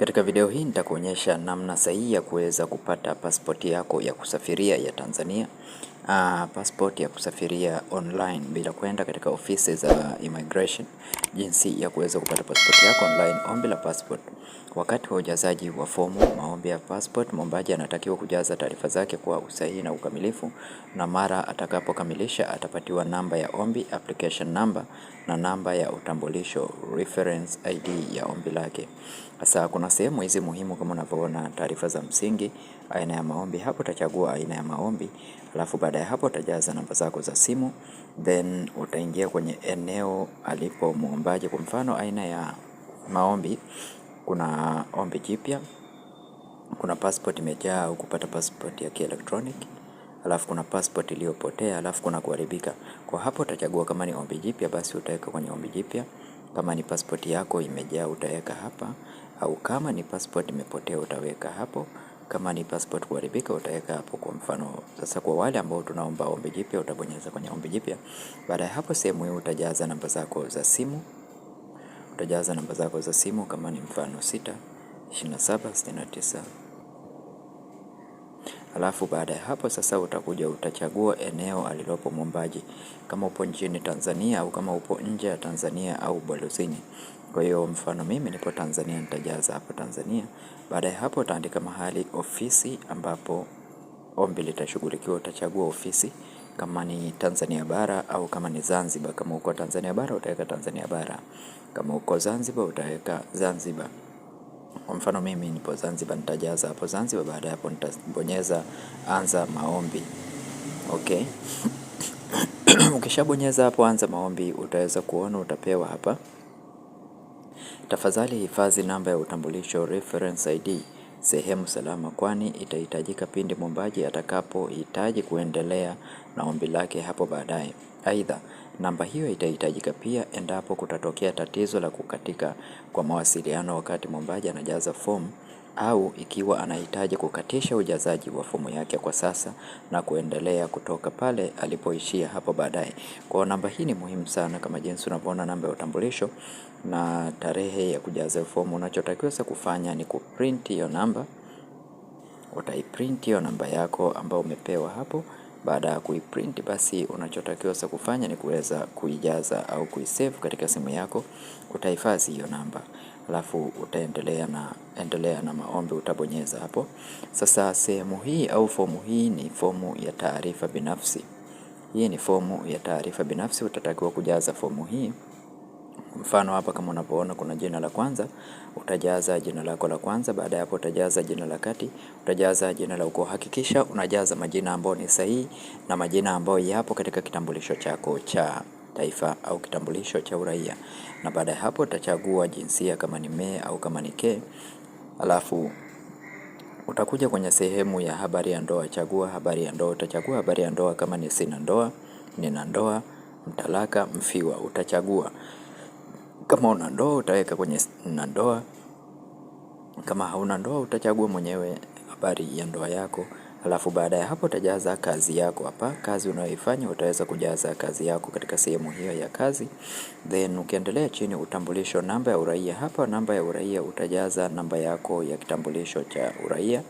Katika video hii nitakuonyesha namna sahihi ya kuweza kupata pasipoti yako ya kusafiria ya Tanzania Ah, passport ya kusafiria online bila kuenda katika ofisi za immigration. Jinsi ya kuweza kupata passport yako online ombi la passport. Wakati wa ujazaji wa fomu maombi ya passport mwombaji anatakiwa kujaza taarifa zake kwa usahihi na ukamilifu na mara atakapokamilisha atapatiwa namba ya ombi application number na namba ya utambulisho reference ID ya ombi lake. Hasa kuna sehemu hizi muhimu kama unavyoona taarifa za msingi aina ya maombi hapo, utachagua aina ya maombi, alafu baada ya hapo utajaza namba zako za simu, then utaingia kwenye eneo alipo muombaji. Kwa mfano aina ya maombi, kuna ombi jipya, kuna passport imejaa au kupata passport ya kielektronic alafu kuna passport iliyopotea, alafu kuna kuharibika. Kwa hapo utachagua kama ni ombi jipya, basi utaweka kwenye ombi jipya. Kama ni passport yako imejaa, utaweka hapa, au kama ni passport imepotea, utaweka hapo. Kama ni passport kuharibika, utaweka hapo kwa mfano. Sasa kwa wale ambao tunaomba ombi jipya, utabonyeza kwenye ombi jipya. Baada ya hapo, sehemu hii utajaza namba zako za simu, utajaza namba zako za simu kama ni mfano sita ishirini na saba sitini na tisa Alafu baada ya hapo sasa utakuja utachagua eneo alilopo mwombaji, kama upo nchini Tanzania au kama upo nje ya Tanzania au balozini. Kwa hiyo mfano mimi nipo Tanzania, nitajaza hapo Tanzania. Baada ya hapo utaandika mahali ofisi ambapo ombi litashughulikiwa. Utachagua ofisi kama ni Tanzania bara au kama ni Zanzibar. Kama uko Tanzania bara utaweka Tanzania bara, kama uko Zanzibar utaweka Zanzibar. Kwa mfano mimi nipo Zanzibar, nitajaza hapo Zanzibar. Baada ya hapo nitabonyeza anza maombi okay. Ukishabonyeza hapo anza maombi, utaweza kuona utapewa hapa Tafadhali hifadhi namba ya utambulisho reference ID sehemu salama kwani itahitajika pindi mwombaji atakapohitaji kuendelea na ombi lake hapo baadaye. Aidha, namba hiyo itahitajika pia endapo kutatokea tatizo la kukatika kwa mawasiliano wakati mwombaji anajaza fomu au ikiwa anahitaji kukatisha ujazaji wa fomu yake kwa sasa na kuendelea kutoka pale alipoishia hapo baadaye. Kwa namba hii ni muhimu sana kama jinsi unavyoona namba ya utambulisho na tarehe ya kujaza fomu. Unachotakiwa sasa kufanya ni kuprint hiyo namba, utaiprint hiyo namba yako ambayo umepewa hapo. Baada ya kuiprint, basi unachotakiwa sasa kufanya ni kuweza kuijaza au kuisave katika simu yako, utahifadhi hiyo namba alafu utaendelea na endelea na maombi, utabonyeza hapo. Sasa sehemu hii au fomu hii ni fomu ya taarifa binafsi. Hii ni fomu ya taarifa binafsi, utatakiwa kujaza fomu hii. Mfano hapa kama unavyoona kuna jina la kwanza, utajaza jina lako la kwanza. Baada ya hapo, utajaza jina la kati, utajaza jina la ukoo. Hakikisha unajaza majina ambayo ni sahihi na majina ambayo yapo katika kitambulisho chako cha taifa au kitambulisho cha uraia, na baada ya hapo utachagua jinsia kama ni me au kama ni ke, alafu utakuja kwenye sehemu ya habari ya ndoa, chagua habari ya ndoa. Utachagua habari ya ndoa kama ni sina ndoa, nina ndoa, mtalaka, mfiwa utachagua. Kama una ndoa utaweka kwenye na ndoa, kama hauna ndoa utachagua mwenyewe habari ya ndoa yako. Halafu baada ya hapo utajaza kazi yako hapa, kazi unayoifanya utaweza kujaza kazi yako katika sehemu hiyo ya kazi, then ukiendelea chini, utambulisho, namba ya uraia. Hapa namba ya uraia utajaza namba yako ya kitambulisho cha uraia,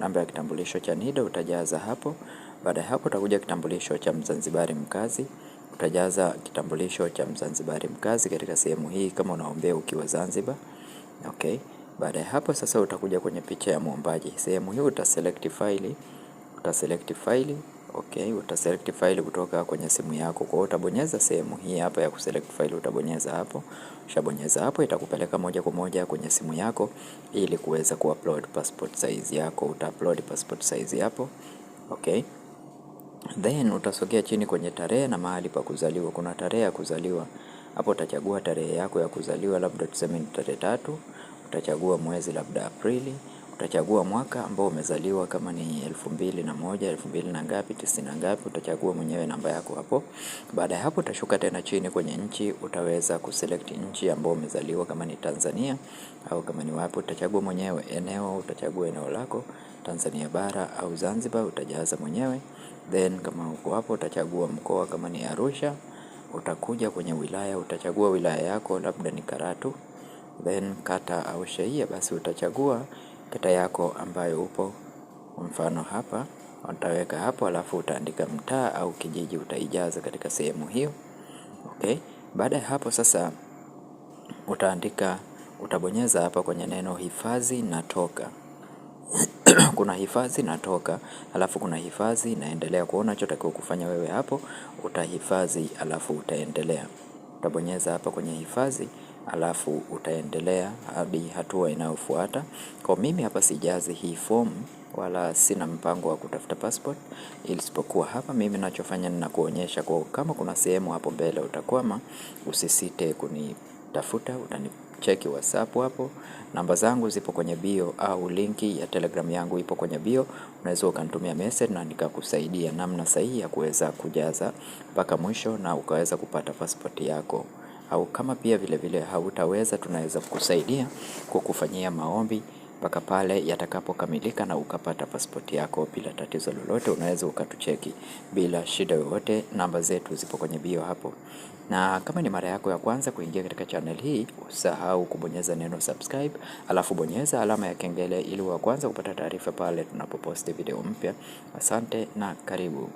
namba ya kitambulisho cha NIDA utajaza hapo. Baada ya hapo utakuja kitambulisho cha Mzanzibari mkazi utajaza kitambulisho cha Mzanzibari mkazi katika sehemu hii, kama unaombea ukiwa Zanzibar. Okay. Baada ya hapo sasa utakuja kwenye picha ya mwombaji. Sehemu hii utaselect file, utaselect file, okay, utaselect file kutoka kwenye simu yako. Kwa hiyo utabonyeza sehemu hii hapa ya kuselect file, utabonyeza hapo. Ushabonyeza hapo itakupeleka moja kwa moja kwenye simu yako ili kuweza kuupload passport size yako. Utaupload passport size hapo. Okay. Then utasogea chini kwenye tarehe na mahali pa kuzaliwa. Kuna tarehe ya kuzaliwa hapo, utachagua tarehe yako ya kuzaliwa, labda tuseme ni tarehe tatu utachagua mwezi labda aprili, utachagua mwaka ambao umezaliwa kama ni elfu mbili na moja, elfu mbili na ngapi, tisini na ngapi, utachagua mwenyewe namba yako hapo. Baada ya hapo utashuka tena chini kwenye nchi, utaweza kuselect nchi ambao umezaliwa kama ni Tanzania au kama ni wapi, utachagua mwenyewe eneo, utachagua eneo lako Tanzania bara au Zanzibar, utajaza mwenyewe. Then kama uko hapo utachagua mkoa kama ni Arusha, utakuja kwenye wilaya, utachagua wilaya yako labda ni Karatu then kata au shehia, basi utachagua kata yako ambayo upo. Kwa mfano hapa utaweka hapo, alafu utaandika mtaa au kijiji utaijaza katika sehemu hiyo okay. Baada ya hapo sasa utaandika, utabonyeza hapa kwenye neno hifadhi na toka kuna hifadhi na toka alafu kuna hifadhi naendelea. Kuona chotakiwa kufanya wewe hapo, utahifadhi alafu utaendelea, utabonyeza hapa kwenye hifadhi alafu utaendelea hadi hatua inayofuata. Kwa mimi hapa sijazi hii form wala sina mpango wa kutafuta passport, isipokuwa hapa mimi nachofanya ninakuonyesha kwa kama kuna sehemu hapo mbele utakwama, usisite kunitafuta, utanicheki WhatsApp hapo. Namba zangu zipo kwenye bio au linki ya Telegram yangu ipo kwenye bio. Unaweza ukanitumia message na nikakusaidia namna sahihi ya kuweza kujaza mpaka mwisho na ukaweza kupata passport yako au kama pia vile vile hautaweza, tunaweza kukusaidia kwa kufanyia maombi mpaka pale yatakapokamilika na ukapata pasipoti yako bila tatizo lolote. Unaweza ukatucheki bila shida yoyote. Namba zetu zipo kwenye bio hapo, na kama ni mara yako ya kwanza kuingia katika channel hii, usahau kubonyeza neno subscribe, alafu bonyeza alama ya kengele ili wa kwanza kupata taarifa pale tunapoposti video mpya. Asante na karibu.